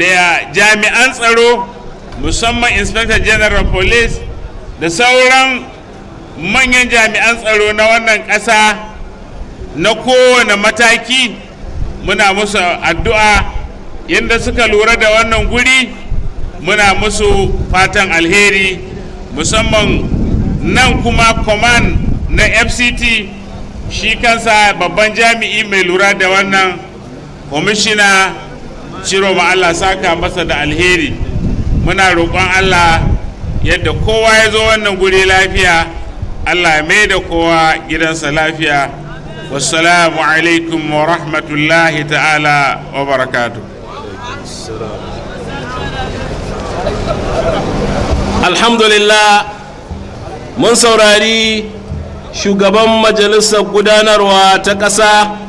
da jami'an tsaro musamman inspector general police da sauran manyan jami'an tsaro na wannan ƙasa na kowane mataki muna musu addu'a yadda suka lura da wannan guri muna musu fatan alheri musamman nan kuma command na fct shi kansa babban jami'i mai lura da wannan commissioner ciro ma Allah saka masa da alheri muna roƙon Allah yadda kowa ya zo wannan guri lafiya Allah ya mai da kowa gidansa lafiya wassalamu alaikum wa rahmatullahi ta'ala wa barakatu alhamdulillah mun saurari shugaban majalisar gudanarwa ta ƙasa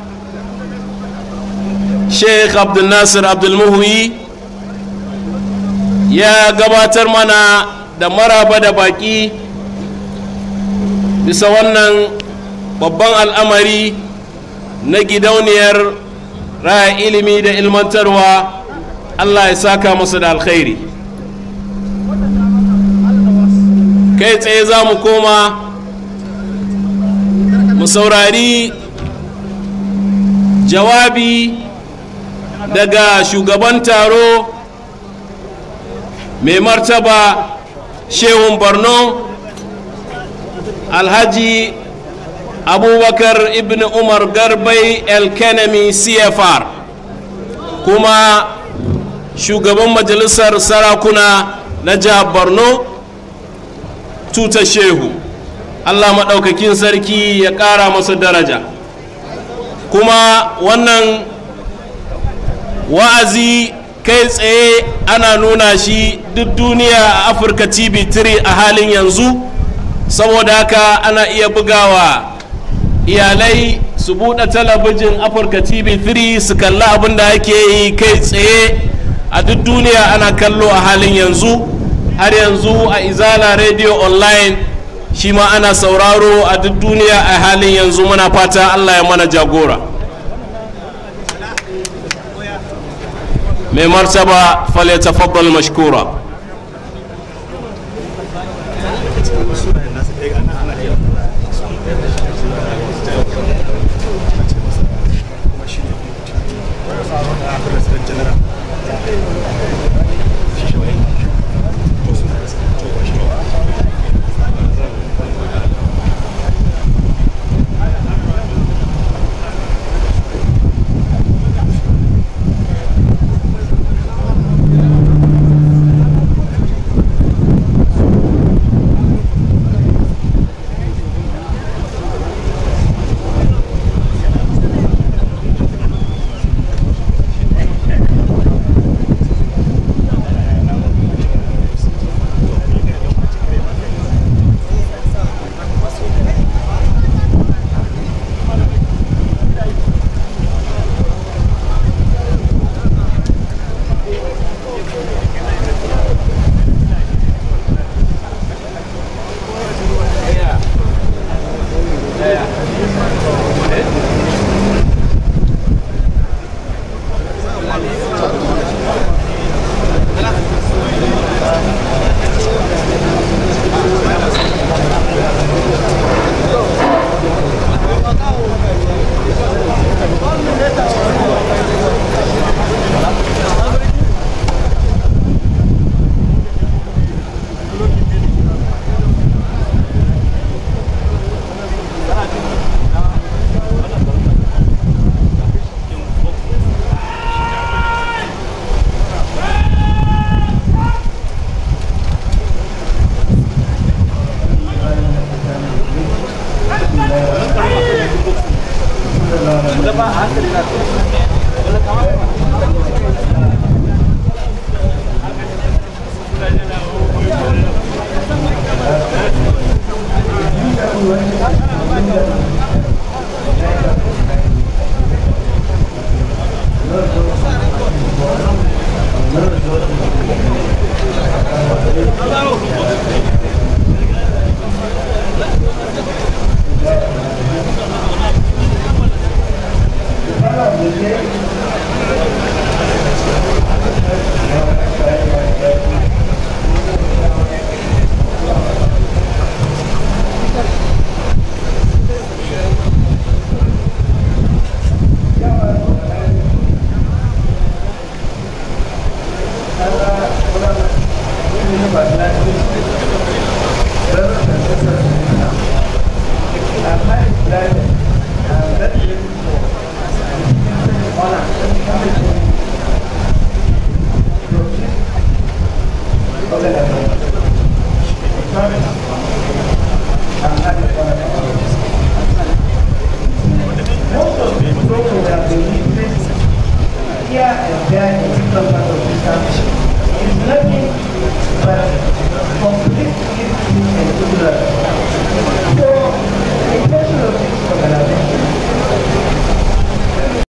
sheikh abdulnasir nasir ya gabatar mana da maraba da baki bisa wannan babban al'amari na gidauniyar raya ilimi da ilmantarwa allah ya saka masa da alkhairi kai tsaye za mu koma mu saurari jawabi daga shugaban taro mai martaba shehun borno alhaji abubakar ibn umar garbai elkanami cfr kuma shugaban majalisar sarakuna na jihar borno tuta shehu allah maɗaukakin sarki ya ƙara masa daraja kuma wannan wa'azi kai tsaye ana nuna shi duk duniya a afirka tv 3 a halin yanzu saboda haka ana iya bugawa iyalai su buɗe talabijin afirka tv 3 su kalla abin da ake yi kai tsaye a duk duniya ana kallo a halin yanzu har yanzu a izala radio online shi ma ana sauraro a duk duniya a halin yanzu muna fata allah ya mana jagora من مرتبة فليتفضل مشكورا لا يمكن أن تتم ولا أن تتم